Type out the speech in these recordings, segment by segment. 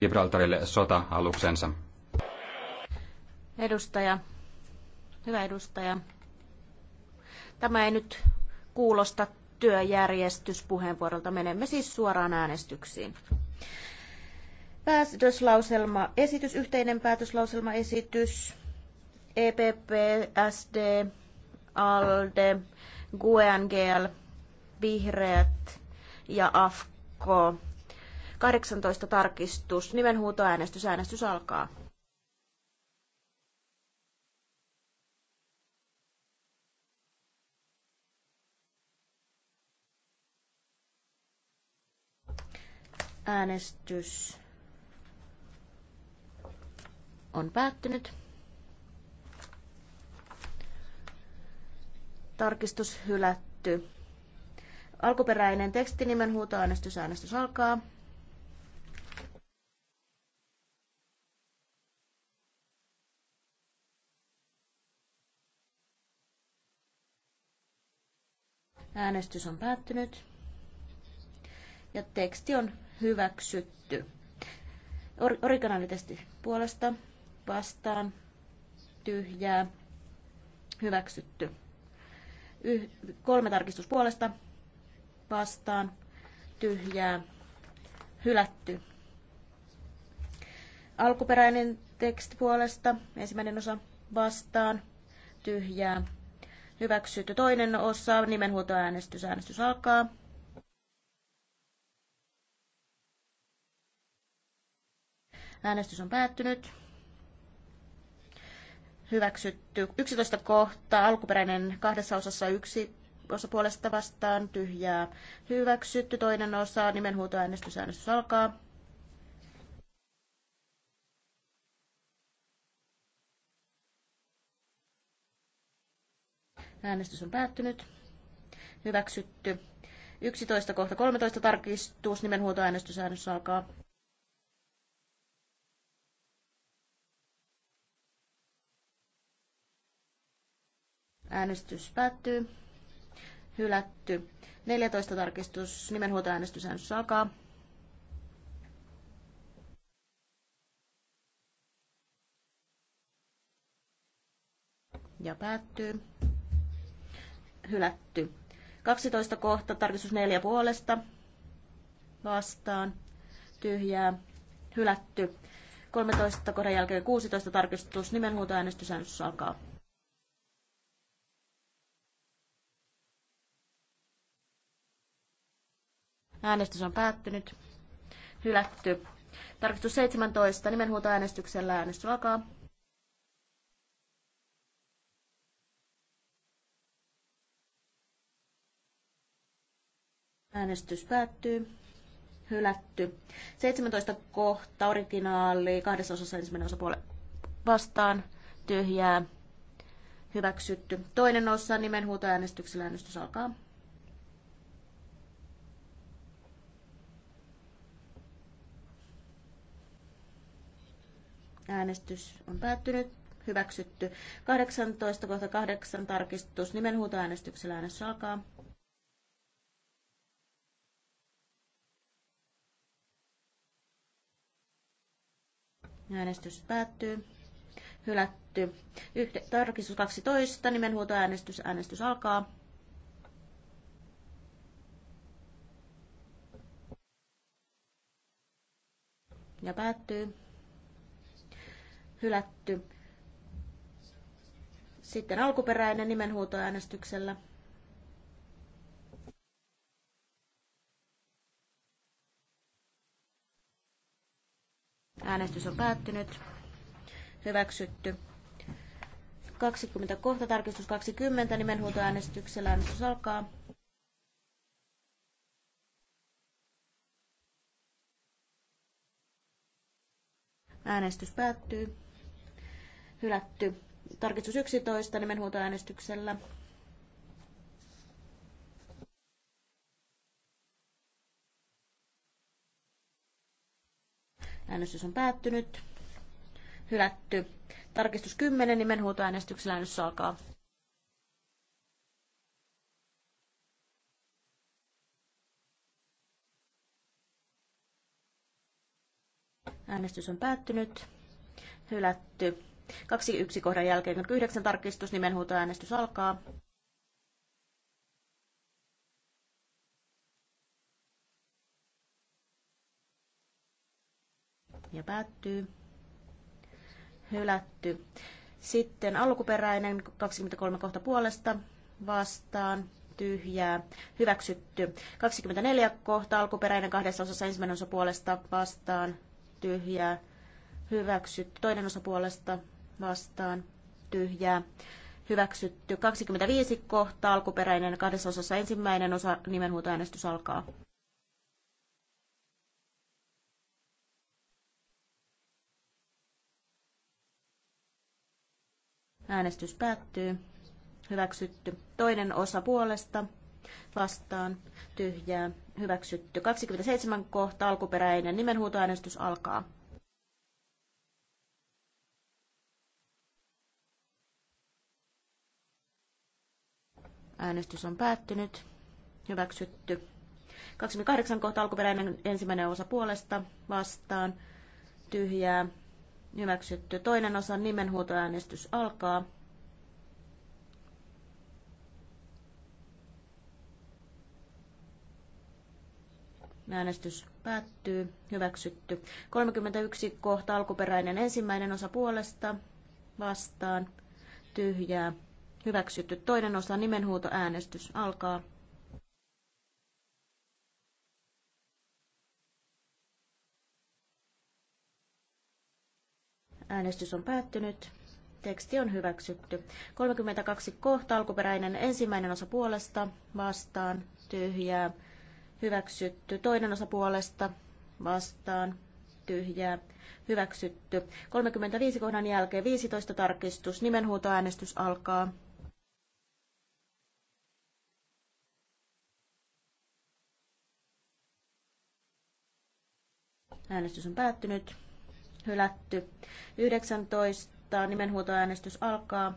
Gibraltarille sota-aluksensa. Edustaja, hyvä edustaja. Tämä ei nyt kuulosta työjärjestyspuheenvuorolta. Menemme siis suoraan äänestyksiin. Päätöslauselma, esitys, yhteinen päätöslauselma, esitys, EPP, SD, ALDE, GUENGL, Vihreät ja AFKO 18 tarkistus, nimenhuutoäänestys, äänestys alkaa. Äänestys on päättynyt. Tarkistus hylätty. Alkuperäinen tekstinimen huutoäänestys. Äänestys alkaa. Äänestys on päättynyt. Ja teksti on hyväksytty. Or- originaalitesti puolesta vastaan tyhjää hyväksytty. Yh- kolme puolesta vastaan tyhjää hylätty. Alkuperäinen teksti puolesta ensimmäinen osa vastaan tyhjää Hyväksytty toinen osa, nimenhuutoäänestys, äänestys alkaa. Äänestys on päättynyt. Hyväksytty 11 kohtaa, alkuperäinen kahdessa osassa yksi osa puolesta vastaan, tyhjää. Hyväksytty toinen osa, nimenhuutoäänestys, äänestys alkaa. Äänestys on päättynyt. Hyväksytty. 11 kohta 13 tarkistus, nimenhuoltoäänestys, äänestys alkaa. Äänestys päättyy. Hylätty. 14 tarkistus, nimenhuoltoäänestys, äänestys alkaa. Ja päättyy hylätty. 12 kohta, tarkistus 4 puolesta, vastaan, tyhjää, hylätty. 13 kohdan jälkeen 16 tarkistus, nimenhuutoäänestys äänestys alkaa. Äänestys on päättynyt. Hylätty. Tarkistus 17. Nimenhuutoäänestyksellä äänestys alkaa. Äänestys päättyy. Hylätty. 17 kohta, originaali, kahdessa osassa ensimmäinen osa puole vastaan, tyhjää, hyväksytty. Toinen osa nimenhuutoäänestyksellä äänestys alkaa. Äänestys on päättynyt. Hyväksytty. 18 kohta 8 tarkistus. Nimenhuutoäänestyksellä äänestys alkaa. Äänestys päättyy. Hylätty. Yhde, tarkistus 12. Nimenhuutoäänestys. Äänestys alkaa. Ja päättyy. Hylätty. Sitten alkuperäinen nimenhuutoäänestyksellä. Äänestys on päättynyt. Hyväksytty. 20 kohta, tarkistus 20, nimenhuutoäänestyksellä äänestys alkaa. Äänestys päättyy. Hylätty. Tarkistus 11 äänestyksellä. Äänestys on päättynyt. Hylätty. Tarkistus 10, nimenhuutoäänestyksellä äänestys alkaa. Äänestys on päättynyt. Hylätty. 2.1 kohdan jälkeen 9 tarkistus, nimenhuutoäänestys alkaa. ja päättyy. Hylätty. Sitten alkuperäinen 23 kohta puolesta vastaan tyhjää. Hyväksytty. 24 kohta alkuperäinen kahdessa osassa ensimmäinen osa puolesta vastaan tyhjää. Hyväksytty. Toinen osa puolesta vastaan tyhjää. Hyväksytty. 25 kohta alkuperäinen kahdessa osassa ensimmäinen osa nimenhuutoäänestys alkaa. Äänestys päättyy. Hyväksytty. Toinen osa puolesta vastaan tyhjää. Hyväksytty. 27 kohta alkuperäinen nimenhuutoäänestys alkaa. Äänestys on päättynyt. Hyväksytty. 28 kohta alkuperäinen ensimmäinen osa puolesta vastaan tyhjää Hyväksytty. Toinen osa nimenhuutoäänestys alkaa. Äänestys päättyy. Hyväksytty. 31 kohta alkuperäinen ensimmäinen osa puolesta. Vastaan. Tyhjää. Hyväksytty. Toinen osa nimenhuutoäänestys alkaa. Äänestys on päättynyt. Teksti on hyväksytty. 32 kohta alkuperäinen ensimmäinen osa puolesta vastaan tyhjää hyväksytty. Toinen osa puolesta vastaan tyhjää hyväksytty. 35 kohdan jälkeen 15 tarkistus. Nimenhuutoäänestys alkaa. Äänestys on päättynyt hylätty. 19 nimenhuutoäänestys alkaa.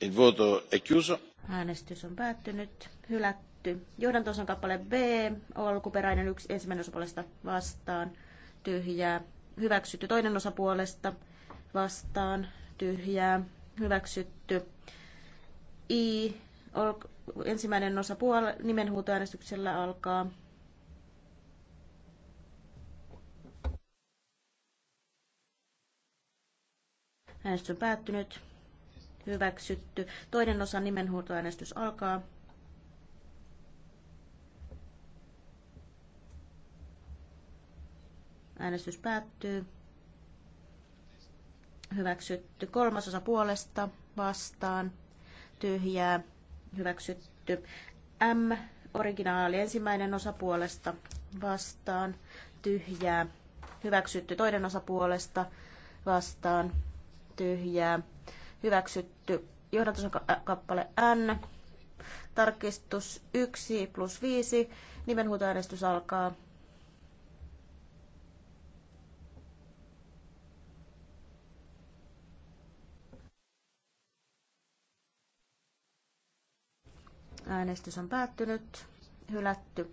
Il voto è chiuso. Äänestys on päättynyt, hylätty. Johdantoson kappale B, alkuperäinen yksi ensimmäinen osapuolesta puolesta vastaan, tyhjää. Hyväksytty toinen osa puolesta vastaan, tyhjää. Hyväksytty. I, ensimmäinen osa puol- nimenhuutoäänestyksellä alkaa. Äänestys on päättynyt. Hyväksytty. Toinen osa nimenhuutoäänestys alkaa. Äänestys päättyy. Hyväksytty. Kolmas osa puolesta vastaan tyhjää, hyväksytty. M, originaali, ensimmäinen osa puolesta vastaan, tyhjää, hyväksytty. Toinen osa puolesta vastaan, tyhjää, hyväksytty. Johdatus äh, kappale N, tarkistus 1 plus 5, nimenhuutoäänestys alkaa. Äänestys on päättynyt. Hylätty.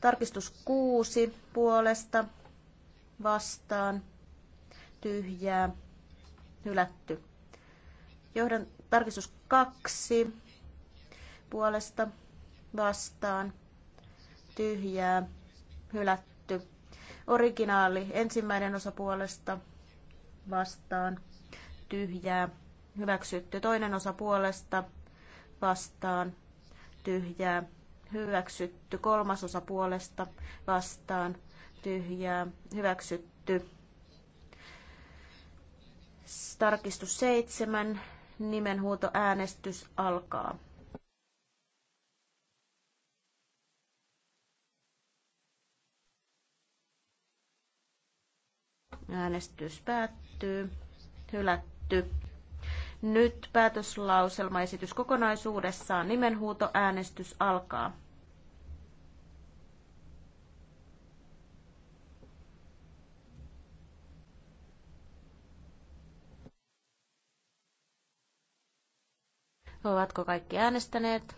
Tarkistus 6 puolesta vastaan. Tyhjää. Hylätty. Johdan tarkistus 2 puolesta vastaan. Tyhjää. Hylätty. Originaali ensimmäinen osa puolesta vastaan. Tyhjää. Hyväksytty. Toinen osa puolesta vastaan tyhjää, hyväksytty. Kolmasosa puolesta vastaan, tyhjää, hyväksytty. Tarkistus seitsemän, nimenhuuto äänestys alkaa. Äänestys päättyy. Hylätty. Nyt päätöslauselmaesitys kokonaisuudessaan. Nimenhuutoäänestys alkaa. Ovatko kaikki äänestäneet?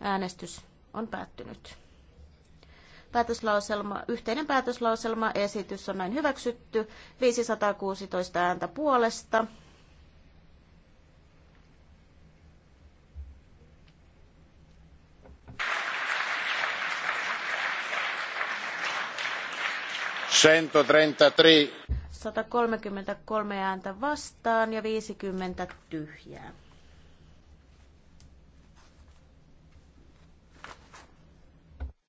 Äänestys on päättynyt. Päätöslauselma, yhteinen päätöslauselma esitys on näin hyväksytty. 516 ääntä puolesta, 133. 133 ääntä vastaan ja 50 tyhjää.